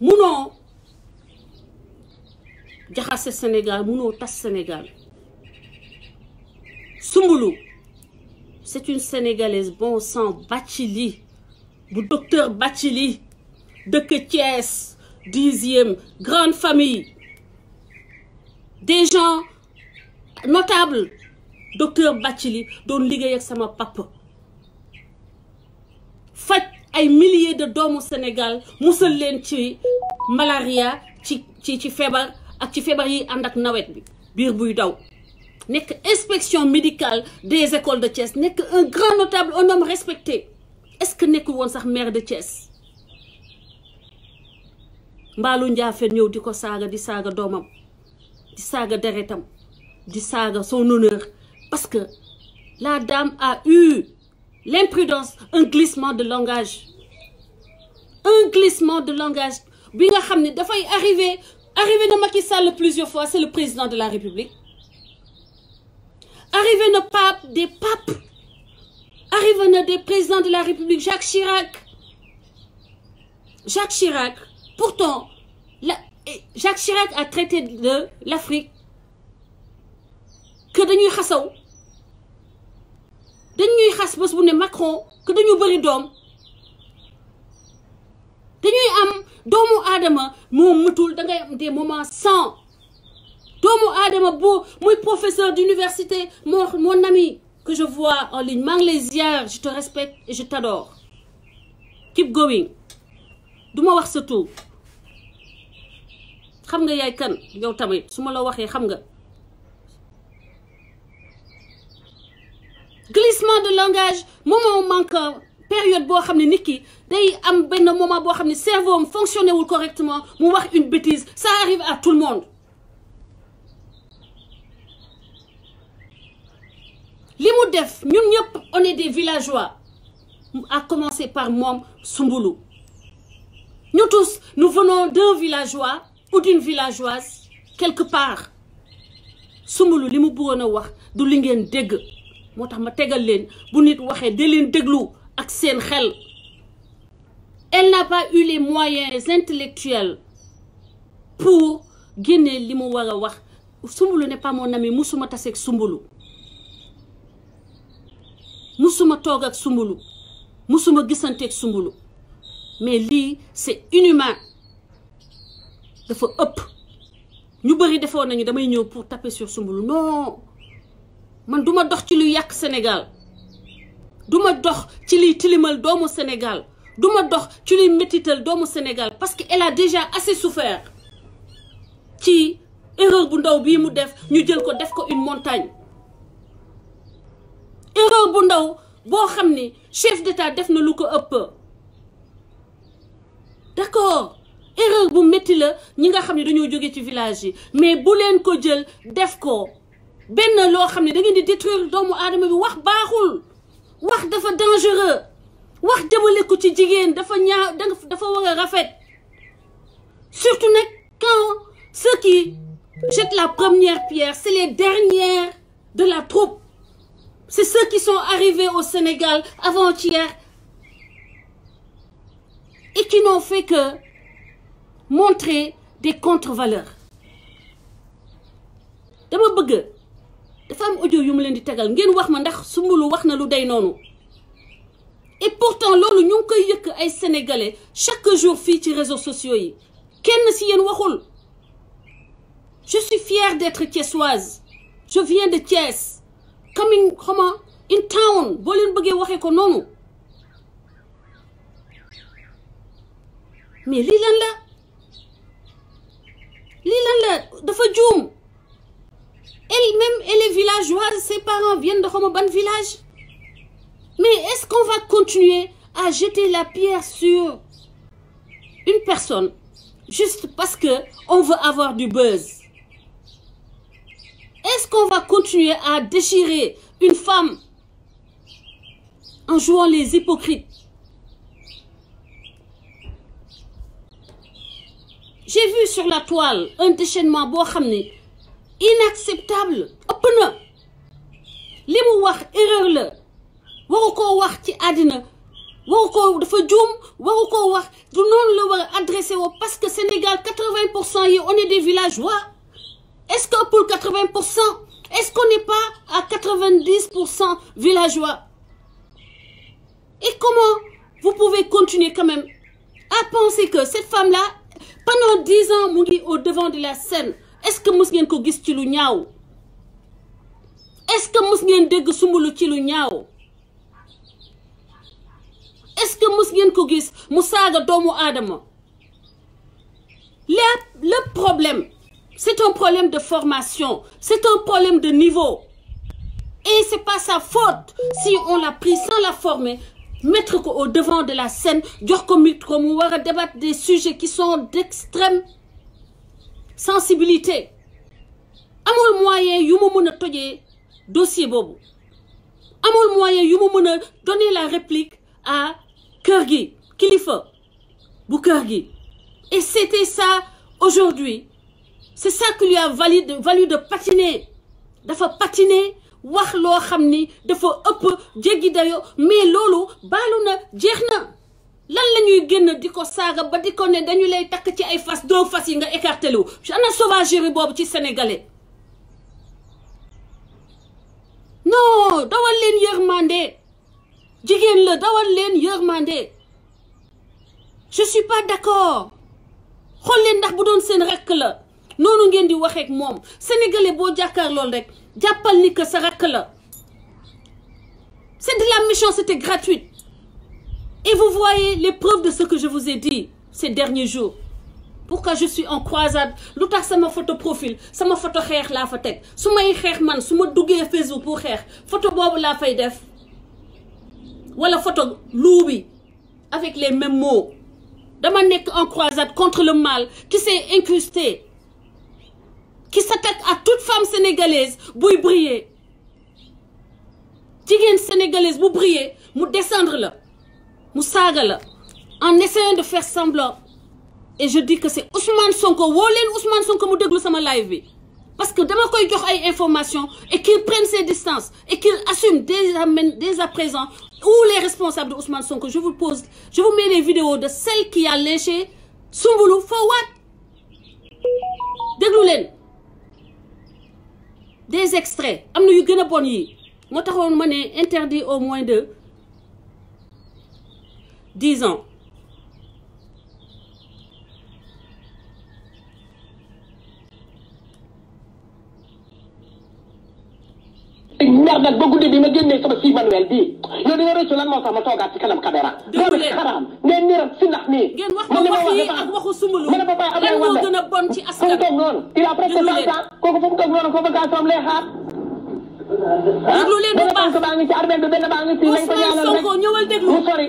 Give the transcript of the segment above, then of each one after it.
munoo jaxase Sénégal munoo tas Sénégal Soumboulou c'est une sénégalaise bon sang Bathily bu docteur Bathily dëkk Thiès dixième grande famille des gens notables docteur Bathily doon liggéey ak sama papa ay milliers de doomu Sénégal musal leen ci malaria ci ci ci feebar ak ci feebar yi ànd ak nawet bi biir buy daw nekk inspection médicale des écoles de Thiès nekk un grand notable un homme respecté est-ce que nekkul woon sax maire de Thiès mbaalu njaafen ñëw di ko saaga di saaga doomam di saaga deretam di saaga son honneur parce que la dame a eu l'imprudence un glissement de langage un glissement de langage bi nga xam ne dafay arrivé arrivé na Macky Sall plusieurs fois c'est le président de la République arrivé na pape des papes arrivé na des présidents de la République Jacques Chirac Jacques Chirac pourtant la eh, Jacques Chirac a traité de l'Afrique que dañuy xasaw dañuy xas bés bu ne Macron que dañu bëri doom dañuy am doomu aadama moo mëtul dangay am des moments sans doomu aadama boo muy professeur d'université mon mon ami que je vois en ligne maa lay ziar je te respecte et je t'adore keep going du wax sa tur xam nga yaay kan yow tamit su ma la waxee xam nga glissement de langage moment mu manque euh, période boo xam ne nit ki day am benn moment boo xam ne cerveau am fonctionné wul correctement mu wax une bêtise ça arrive à tout le monde. li mu def ñun ñëpp on est des villageois à commencer par moom Sumbulu ñu tous nous venons d'un villageois ou d'une villageoise quelque part Sumbulu li mu bëggoon a wax du li ngeen dégg. moo tax ma tegal leen bu nit waxee da leen déglu ak seen xel elle n'a pas eu les moyens intellectuels pour génne li mu war a wax Soumboulou ne pas mon ami musuma taseeg sumbulu Soumboulou musuma toog ak Soumboulou mësuma gisante ak mais lii c'est inhumain dafa ëpp ñu bëri defoon nañu damay ñëw pour taper sur Soumboulou non man duma dox ci luy yàq Sénégal duma dox ci liy tilimal doomu Sénégal duma dox ci luy métital doomu Sénégal parce que elle a déjà assez souffert ci erreur bu ndaw bii mu def ñu jël ko def ko une montagne erreur bu ndaw boo xam ni chef d'état def na lu ko ëpp d'accord erreur bu métti la ñi nga xam ne dañoo jóge ci village yi mais bu leen ko jël def ko benn loo xam ne da ngeen di détruire doomu aadama bi wax baaxul wax dafa dangereux wax jëmale ko ci jigéen dafa ñaaw dafa war rafet surtout nag ceux qui jettent la première pierre c'est les dernières de la troupe c'est ceux qui sont arrivés au Sénégal avant-hier et qui n'ont fait que montrer des contre dama bëgg dafa am audio yu mu leen di tegal ngeen wax ma ndax Soumboulou wax na lu day noonu et pourtant loolu ñu ngi koy yëkk ay sénégalais chaque jour fii ci réseaux sociaux yi kenn si yéen waxul je suis fière d'être thiessoise je viens de Thiès coming xama in town boo leen bëggee waxee ko noonu mais lii lan la lii lan la dafa juum elle-même et les villageois ses parents viennent de xawma ban village mais est-ce qu'on va continuer à jeter la pierre sur une personne juste parce que on veut avoir du buzz est-ce qu'on va continuer à déchirer une femme en jouant les hypocrites j'ai vu sur la toile un déchaînement boo xam ne inacceptable ëpp na li wax erreur la waru koo wax ci àddina waru ko dafa juum waru koo wax du noonu la war a adressé woo parce que Sénégal quatre-vingt pour cent yi on est des villageois est-ce que pour quatre-vingt pour cent est-ce qu'on n'est pas à villageois et comment vous pouvez continuer quand même à penser que cette femme-là pendant dix ans mu au devant de la scène est-ce que mës ngeen ko gis ci lu ñaaw est que mës ngeen dégg sumbulu ci lu ñaaw que mës ngeen ko gis mu saaga doomu aadama le le problème c'est un problème de formation c'est un problème de niveau et c'est pas sa faute si on l'a pris sans la former mettre ko au devant de la scène jox ko micro mu war a débattre des sujets qui sont d'extrême sensibilité amul moyen yu ma mën a tojee dossier boobu amul moyen yu ma mën a donner la réplique à kër gi kilifa bu kër gi et c'était ça aujourd'hui c'est ça qui lui a valu de patiner dafa patiner wax loo xam ni dafa ëpp jéggi dayo mais loolu baalu na jeex na lan la ñuy génn di ko saaga ba di ko ne dañu lay takk ci ay fas doo fas yi nga écarté wu ana sauvagerie boobu ci sénégalais non dawal leen yërmande jigéen la dawal leen yërmande je suis pas d'accord xool leen ndax bu doon seen rakk la noonu ngeen di waxeek moom sénégalais boo jàkkaar lool rek jàppal ni que sa rakk la c'est de la méchanceté gratuite Et vous voyez les preuves de ce que je vous ai dit ces derniers jours. pourquoi je suis en croisade lu tax sama photo profil sama photo xeex laa fa teg su may xeex man su ma duggee Facebook pour xeex photo boobu laa fay def wala photo lou bi avec les mêmes mots dama nekk en croisade contre le mal qui s'est incrusté qui s'attaque à toute femme sénégalaise buy briller jigéen sénégalaise bu briller mu descendre la mu saaga la en essayant de faire semblant et je dis que c'est Ousmane Sonko woo leen Ousmane Sonko mu déglu sama live parce que dama koy jox ay information et qu'il prenne ses distances et qu'il assume dès à dès à présent où les responsables de Ousmane Sonko je vous pose je vous mets les vidéos de celle qui a léché Soumboulou Fawad déglu leen des extraits am na yu gën yi moo taxoon ma ne interdit au moins de dix ans mer nag ba guddi bi ma génnee sama si manuel bii yow di nga rëccu lan moo tax ma toogaat ci kanam caméra loolu xaraam ngeen niram si ndax nii ngeen wax ma wax yi ak waxu sumbulu ma ne ba bàyyi lan moo gën a bon ci askan fu mu toog noonu il a presque cent ans kooku fu mu toog noonu foofu gasoom lay xaar déglu leen bu baax baa ngi ci armée bi benn baa ngi ci lañ ko ñaanal rek mu sori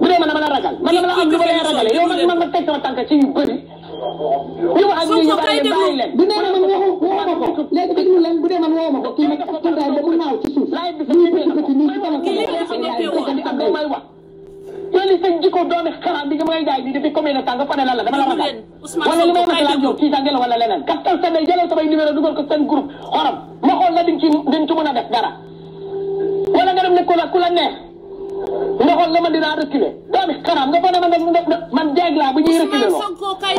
bu dee man dama la ragal man dama la am lu ma leen ragale yow man ma teg sama tànk ci yu bëri. ñu wax ak ñun ñu bàyyi leen bàyyi leen bu dee man woo woo ko léegi déglu leen bu dee man woo ma ko kii nag tundaay ba mu naaw ci suuf ñuy bëgg ko ci nii ci sama sama may wax yow li sëñ jikko doomi xaraam bi nga may jaay bi depuis combien de temps nga fa ne lan la dama la ragal wala li may mën a yow kii sànge la wala leneen kastal sa ne jëlal samay numéro dugal ko seen groupe xorom ma xool la dañ ci dañ ci mën a def dara wala nga dem ne ku la ku la neex ndoxoon la man dinaa reculer doomi xaraam nga foog ne man man jeeg laa bu ñuy reculer loo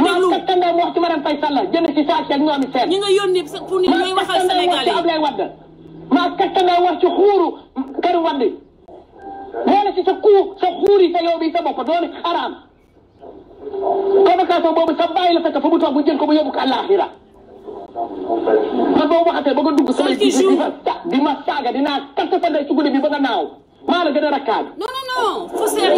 man kàttan nga wax ci madame Faye Sall jënd si saa si ak ñoom seen. ñi yi Ablaye Wade maa kàttan nga wax ci xuuru kër Wade boole si sa kuu sa xuur sa yow bi sa bopp doomi xaraam convocation boobu sa bàyyi la fekk fa toog bu jël ko bu yóbbu ko àllaaxira man boo waxatee ba nga dugg sama di ma saaga dinaa kàtt fa ndey bi ba nga naaw maa la gën a rakkaat. non non non faussaire a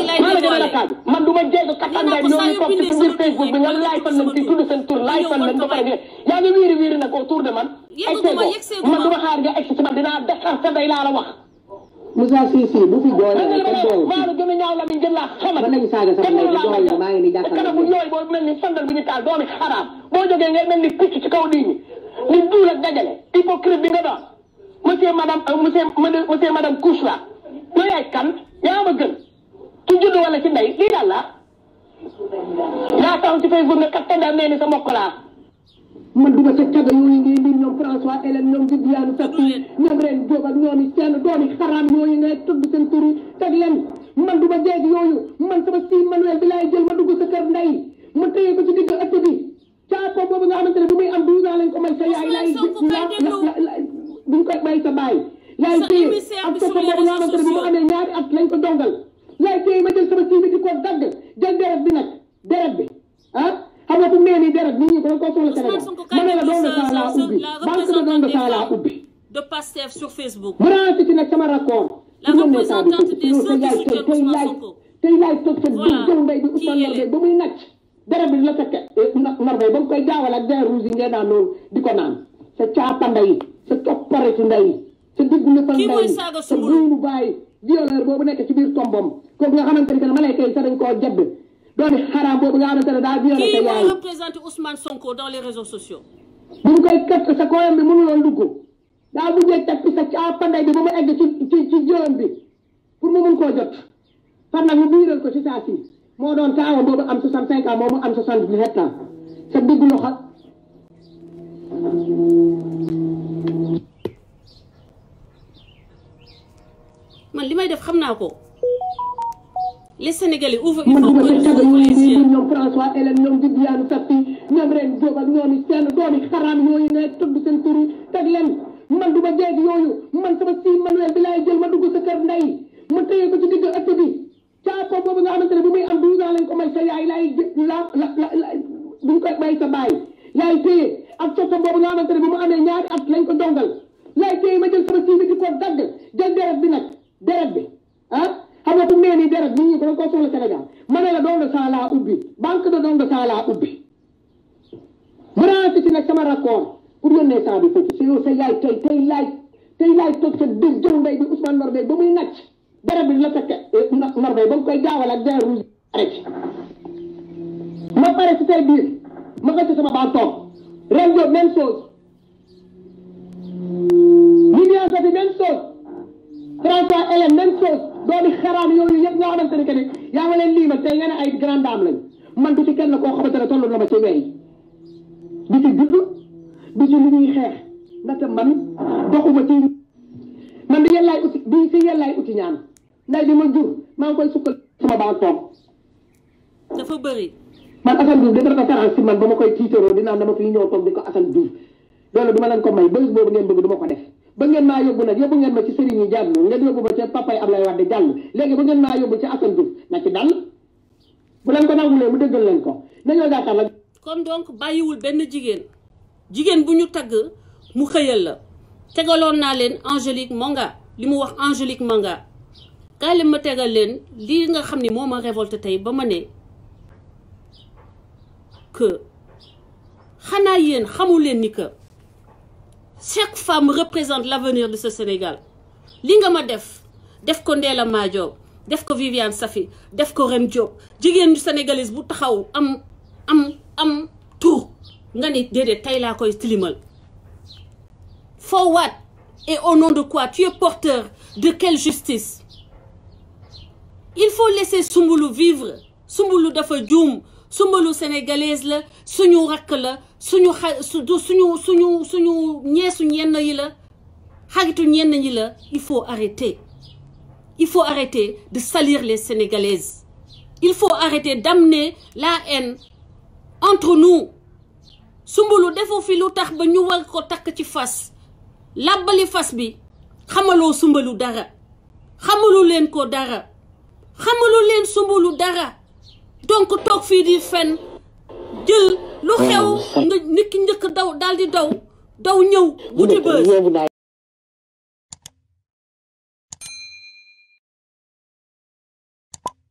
rakkaat du ma jéego kattandaay ñooñu toog ci biir Facebook bi nga laay fan nañ ci tudd seen tur laay fan nañ ba pare yaa ngi wiiri wiiri nag autour de man. ay seego man du ma xaar nga egg ci man dinaa la gën a ñaaw la mi gën laa yow yaay kan yaa ma gën ci judd wala ci ndey lii daal la yaa taxaw ci Facebook ne kat tëdda mel ni sa mokk laa man duma sa caga yooyu ngay lim ñoom François Hélène ñoom Viviane Safi ñoom Reine Diop ak ñoom seen doomi xaraam yooyu ngay tudd seen turi teg leen man duma jeeg yooyu man sama si manuel bi laay jël ma dugg sa kër ndey ma téye ko ci digg ëtt bi caapo boobu nga xamante ne bu muy am douze ans lañ ko may sa yaay laay duñ koy yaay téye ak kooku boobu bi mu amee ñaari at lañ ko dongal yaay téye ma jël sama sii bi ko dagg jël deret bi nag deret bi ah xam nga fu deret bi ñu ko dañ koo soxla Sénégal ma ne la doon na ubbi banque ba doon na saa ubbi. de Pastef sur Facebook. branché ci nag sama la représentante des autres qui soutiennent Ousmane Sonko. tey yaay bi Ousmane Norvège ba muy nàcc. deret bi la fekke eh, Norvège ba mu koy jaawal ak deret rouge yi ngeen naan di ko naan sa caapa ndey sa coppare ci te dugg na fa ndey te góoru bàyyi violeur boobu nekk ci biir tombom kooku nga xamante ni que ne malayka yi sax dañ koo jadd doomi xaraam boobu nga xamante ne daa violé te yaay représenté Ousmane Sonko dans les réseaux sociaux bu ñu koy kat sa kooyam bi mënuloo dugg daa mujjee teg sa caapanday bi ba mu ci ci ci joom bi pour mu mun koo jot far nag mu biiral ko ci saa si moo doon taawam boobu am soixante cinq ans moo mu am soixante-dix-sept ans sa diggu loxo man li may def xam naa ko les Sénégalais ouvrent il faut que man du ma jeeg yooyu man sama si manuel bi laay jël ma dugg sa kër ndey ma téye ko ci digg ëtt bi caako boobu nga xamante ne bi muy am douze ans a ko may sa yaay laay la la la duñ koy may sa baay laay téye ak coto boobu nga xamante ne bi mu amee ñaari at lañ ko dongal laay téye ma jël sama si bi di ko dagg jël bi nag deret bi ah xam nga fu mu nee nii deret nit ñi ko ko soxla Sénégal ma ne la don de sang ubbi banque de don de sang laa ubbi mu naa si nag sama raccord pour yónnee sang bi foofu si yaay tey tey laaj tey laaj toog sa dé jëw ndey bi Ousmane Norbert ba muy nàcc deret bi la fekke eh, Norbert ba mu koy jaawal ak deret rouge arrêté ma pare si tey biir ma ko ci sama baa toog ren même chose Lilian Safi même chose 300 élèves même chose doomi xaraam yooyu yëpp nga xamante ne que ne yaa ngi leen liimal tey nga ne ay grande dame lañ man du ci kenn koo xamante ne toll na ma ci weey du ci judd du ci man doxuma ci man di yellaay uti bi si yellaay uti ñaan nday bi ma jur maa ngi koy sukkal sama baa toog dafa ñëw di ko Assane Diouf loolu du ko may bés boobu ngeen bëgg du ma ko def ba ngeen maa yóbbu nag yóbbu ngeen ma ci sëriñ yi jàll ngeen yóbbu ma ca papay Ablaye Wade jàll léegi ba ngeen maa yóbbu ci Assane Diouf na ci dal bu leen ko nangulee mu dëggal leen ko nañoo gàttal kon donc bàyyiwul benn jigéen jigéen bu ñu tagg mu xëyal la tegaloon naa leen Angélique Manga li mu wax Angélique Manga kaay leen ma tegal leen lii nga xam ni moo ma révolté tey ba ma ne que xanaa yéen xamul leen ni que chaque femme représente l'avenir de ce Sénégal li nga ma def def ko Ndella Madior def ko Viviane Safi def ko Rem Diop jigéenu sénégalaise bu taxaw am am am tur nga ni déedéet tey laa koy tilimal for what et au nom de quoi tu es porteur de quelle justice il faut laisser Soumboulou vivre Soumboulou dafa juum Soumboulou sénégalaise la suñu rakk la suñu xa suñu suñu suñu ñeesu ñenn yi la xaritu ñi la il faut arrêter il faut arrêter de salir les sénégalaises il faut arrêter d'amener la haine entre nous sumbulu defoo fi lu tax ba ñu war ko takk ci fas làbbali fas bi xamaloo sumbalu dara xamalu leen ko dara xamalu leen sumbulu dara donc toog fii di fen jël lu ah, xew nga nit ki njëkk daw daal di daw daw ñëw wuti